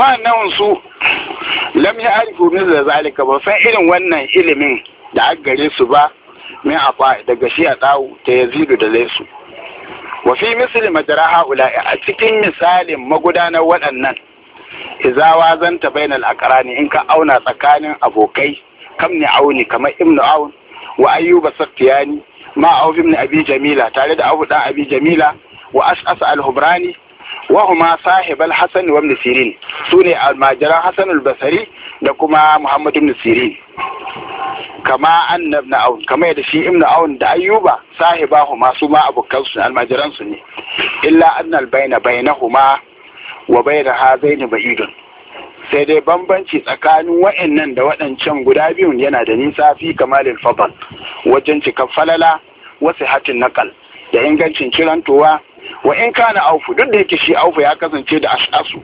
wa'annan su lam ya arifu min da zalika ba san irin wannan ilimin da aka gare su ba min afa daga shi a tsawo ta yazidu da laisu wa fi misli majara haula a cikin misalin magudanar waɗannan izawa zanta bainal aqrani in ka auna tsakanin abokai kam ne auni kamar ibnu aun wa ayyuba saftiyani ma auf ibn abi jamila tare da abu dan abi jamila wa as'as al-hubrani wa huma sahib al-hasan wa ibn sirin sune almajiran hasan al-basri da kuma muhammad ibn sirin kama anna ibn aun kama yadda shi ibn aun da ayyuba sahibahuma su ma abokan su almajiran su ne illa anna al-bayna bainahuma wa bayna hazaini ba'idun sai dai bambanci tsakanin wa'annan da waɗancan guda biyun yana da nisa fi kamalil fadl wajen cika falala wasu hatin nakal da ingancin kirantowa wa in kana aufu duk da yake shi aufu ya kasance da ashasu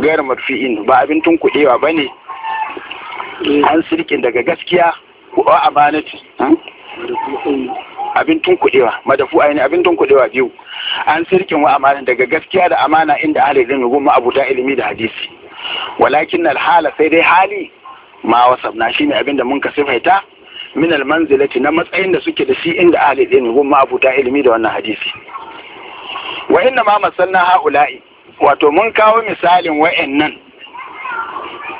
gairar marfi'in ba abin tun kuɗewa ba ne an sirkin daga gaskiya a abanati abin tun kuɗewa madafu aini abin tun kuɗewa biyu an sirkin wa amana daga gaskiya da amana inda ahli ilmi gumma da ilimi da hadisi walakin alhala sai dai hali ma wasabna shine abin da mun ka sifaita min almanzilati na matsayin da suke da shi inda ahli ilmi gumma da ilimi da wannan hadisi wa inna ma masanna haula'i wato mun kawo misalin wa'annan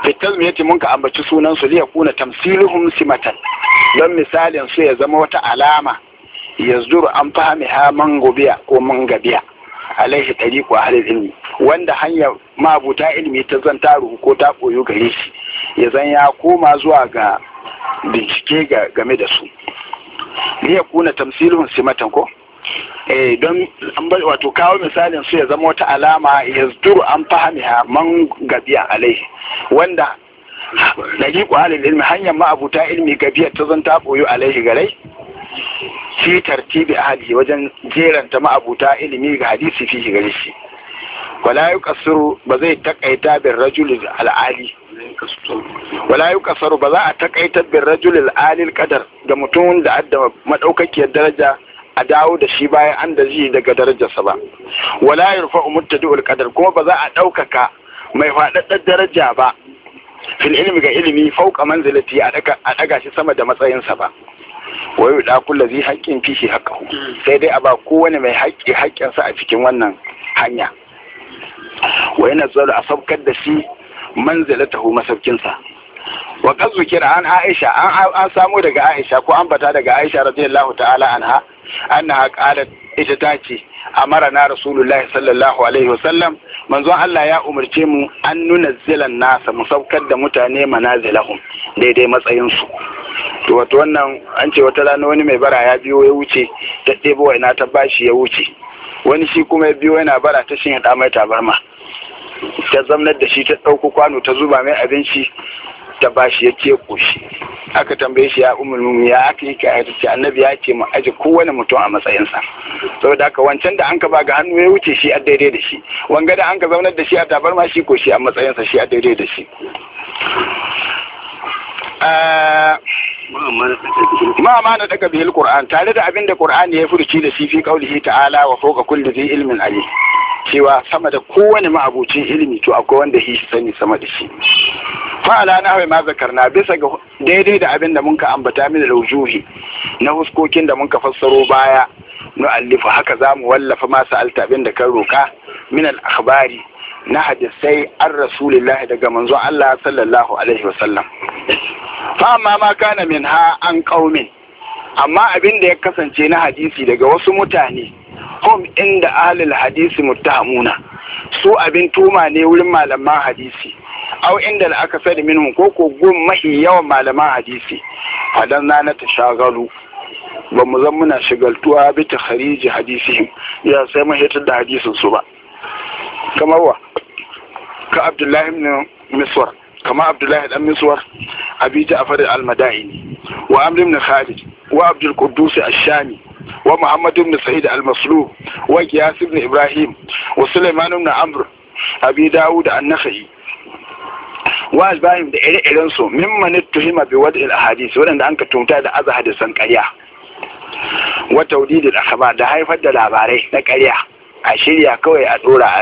fitar mai yace mun ka ambaci sunan su liya kuna tamsiluhum simatan don misalin su ya zama wata alama yazduru an fahimi ha man gobiya ko man gabiya alaihi tariqu ahli ilmi wanda hanya mabuta ilmi ta zanta ruhu ko ta koyo gare shi ya zan ya koma zuwa ga bincike game da su liya kuna tamsiluhum simatan ko eh don an bai wato kawo misalin su ya zama wata alama ya zuru an fahamiha man gabiya alai wanda dagiku halin ilmi hanyar ma'abuta ilmi gabiya ta zan ta koyo alaihi garai shi tartibi ahli wajen jeranta ma'abuta ilmi ga hadisi fi gare shi wala yuqassiru ba zai takaita bin rajul ali wala yuqassiru ba za a takaita bin rajul al qadar ga mutum da adda madaukakiyar daraja a dawo da shi bayan an da ji daga darajarsa ba wala yarfa'u mubtadi'ul qadar kuma ba za a ɗaukaka mai faɗaɗɗar daraja ba fil ilmi ga ilimi fauka manzilati a ɗaga shi sama da matsayinsa ba wai da kullu zai haƙƙin fihi haqqahu sai dai a ba kowane mai haƙƙi haƙƙinsa a cikin wannan hanya Wai na tsaro a saukar da shi manzilatahu masaukinsa wa qad zukira an aisha an an samu daga aisha ko an bata daga aisha radiyallahu ta'ala anha annaha qalat ita ta ce amara na rasulullahi sallallahu alaihi wasallam manzon Allah ya umarce mu an nuna zilan nasa mu saukar da mutane manazilahum daidai matsayinsu to wato wannan an ce wata rana wani mai bara ya biyo ya wuce ta ɗebo ina ta bashi ya wuce wani shi kuma ya biyo yana bara ta shin ya mai tabarma ta zamnar da shi ta ɗauko kwano ta zuba mai abinci ta bashi ya ce ƙoshi aka tambaye shi ya umul ya aka yi ka ce annabi ya ce mu aje kowane mutum a matsayinsa saboda haka wancan da an ka ba ga hannu ya wuce shi a daidai da shi wanga da an ka zaunar da shi a tabarma shi ko shi a matsayinsa shi a daidai da shi ma ma na daga bihil qur'an tare da abin da qur'an ya furci da shi fi qaulihi ta'ala wa fawqa kulli dhi ilmin alim cewa sama da kowane ma'abucin ilimi to akwai wanda shi sani sama da shi fa'ala na hawa ma zakarna bisa ga daidai da abin da mun ka ambata min laujuhi na huskokin da mun ka fassaro baya nu allifu haka za mu wallafa masu altabin da kan roka min al na hadisai an rasulillahi daga manzo Allah sallallahu alaihi wasallam fa amma ma kana min ha an qaumin amma abin da ya kasance na hadisi daga wasu mutane hum inda ahlul hadisi muttahamuna su abin tuma ne wurin malaman hadisi أو إن الأكثر منهم كوكو قوم مهي يوم على ما حديثي هذا نانا تشاغلو ومزمنا شغلتوا بتخريج حديثهم يا سيما هيتد حديث الصبا كما هو كعبد الله من مصور كما عبد الله بن مصور أبي جعفر المدائني وعمر بن خالد وعبد القدوس الشامي ومحمد بن سعيد المصلوب وقياس بن إبراهيم وسليمان بن عمرو أبي داود النخعي wa bayan da ire-iren su mimman tuhima bi wad'il ahadisi wadanda an ka tumta da azza hadisan ƙarya wa tawdidil akhbar da haifar da labarai na karya a shirya kawai a dora